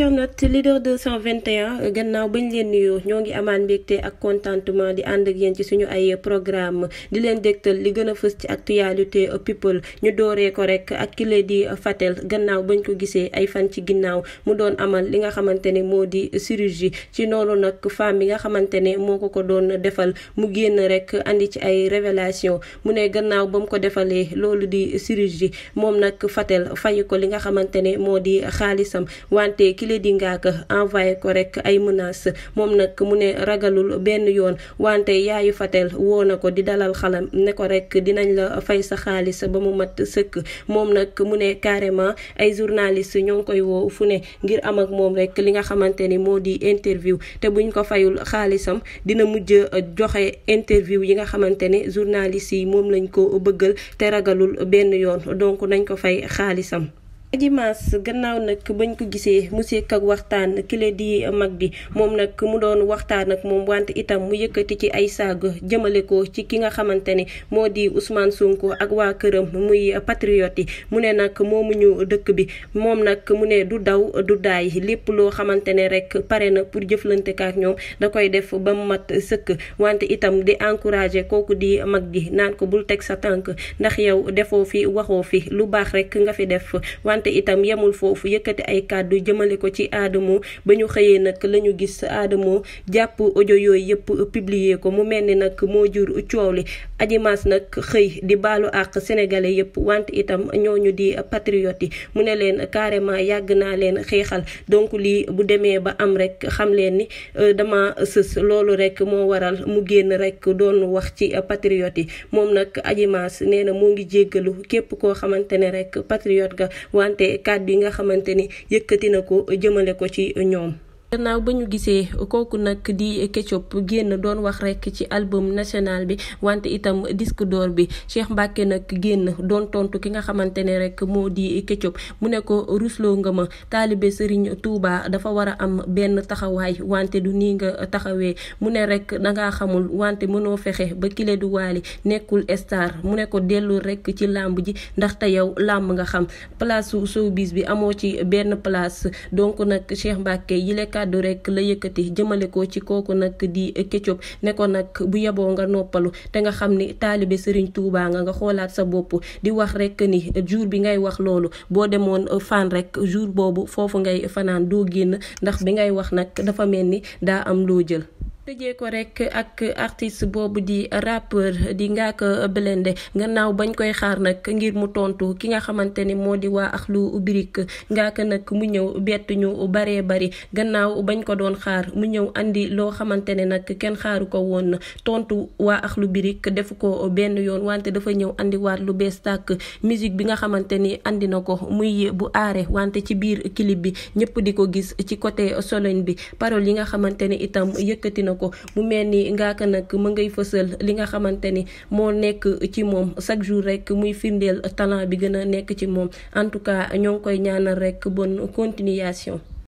internet leader 221 gannaaw bañ leen nuyoo ñoo ngi amaan mbégte ak contentement di ànd ak yéen ci suñu ay programme di leen dégtal li gën a fës ci actualité euh, people ñu dooree ko rek ak kile di euh, Fatel gannaaw bañ ko gisee ay fan ci ginnaaw mu doon amal li nga xamante ne moo di chirurgie ci noonu nag femme bi nga xamante ne moo ko ko doon defal mu génn rek indi ci ay révélation mu ne gannaaw ba mu ko defalee loolu di chirurgie moom nag Fatel fayu ko li nga xamante ne moo di xaalisam kile di ngaaka envoyé ko rek ay menaces moom nag mu ne ragalul benn yoon wante yaayu Fatel woo na ko di dalal xalam ne ko rek dinañ la fay sa xaalis ba mu mat sëkk moom nag mu ne carrément ay journaliste ñoo ngi koy woo fu ne ngir am ak moom rek li nga xamante ni moo di interview te buñ ko fayul xaalisam dina mujj joxe interview yi nga xamante ne journaliste yi moom lañ ko bëggal te ragalul benn yoon donc nañ ko fay xaalisam Adji Mass gannaaw nag bañ ko gisee mu sekk ak waxtaan kile di mag bi moom nag mu doon waxtaan ak moom wante itam mu yëkkati ci ay saago jëmale ko ci ki nga xamante ne moo di usmaan Sonko ak waa këram muy patriote yi mu ne nag moomuñu dëkk bi moom nag mu ne du daw du daay lépp loo xamante ne rek pare na pour jëflante ak ñoom da koy def ba mu mat sëkk wante itam di encourager kooku di mag bi naan ko bul teg sa tànk ndax yow defoo fi waxoo fi lu baax rek nga fi def wante itam yemul foofu yëkkati ay kàddu jëmale ko ci Adamo ba ñu xëyee nag la ñu gis Adamo jàpp ojo yooyu yëpp publier ko mu mel ni nag moo jur coow li Adji Mass nag xëy di baalu àq sénégalais yëpp wante itam ñooñu di patriote yi mu ne leen carrément yàgg naa leen xeexal donc lii bu demee ba am rek xam leen ni euh, dama sës loolu rek moo waral mu génn rek doon wax ci patriote yi moom nag Adji Mass nee na moo ngi jéggalu képp koo xamante ne rek patriote ga xamante kàddu yi nga xamante ni yëkkati na ko jëmale ko ci ñoom gannaaw ba ñu gisee kooku nag di Ketchup génn doon wax rek ci album national bi wante itam disque d'or bi Cheikh Mbacke nag génn doon tontu ki nga xamante ne rek moo di Ketchup mu ne ko rusloo nga ma taalibe Serigne Touba dafa war a am benn taxawaay wante du nii nga taxawee mu ne rek dangaa xamul wante mënoo fexe ba kile du waali nekkul star mu ne ko dellu rek ci làmb ji ndaxte yow làmb nga xam place su showbiz bi amoo ci benn place donc nag Cheikh kàddu rek la yëkkati jëmale ko ci kooku nag di Ketchup ne ko nag bu yeboo nga noppalu te nga xam ni taalibe Serigne Touba nga nga xoolaat sa bopp di wax rek ni jour bi ngay wax loolu boo demoon fan rek jour boobu foofu ngay fanaan doo génn ndax bi ngay wax nag dafa mel ni daa am loo jël. tëjee ko rek ak artist boobu di rappeur di Ngaaka Blindé gannaaw bañ koy xaar nag ngir mu tontu ki nga xamante ni moo di waa Akhlou Brick Ngaaka nag mu ñëw bett ñu baree bari gannaaw bañ ko doon xaar mu ñëw indi loo xamante ne nag kenn xaaru ko woon tontu waa Akhlou Brick defu ko benn yoon wante dafa ñëw andiwaat lu bees tàkk musique bi nga xamante ni andi na ko muy bu aare wante ci biir clip bi ñëpp di ko gis ci côté soloñ bi parole yi nga xamante ni itam yëkkati na ko mu mel ni ngaaka nag mu ngay fësal li nga xamante ni moo nekk ci moom chaque jour rek muy firndeel talent bi gën a nekk ci moom en tout cas ñoo ngi koy ñaanal rek bonne continuation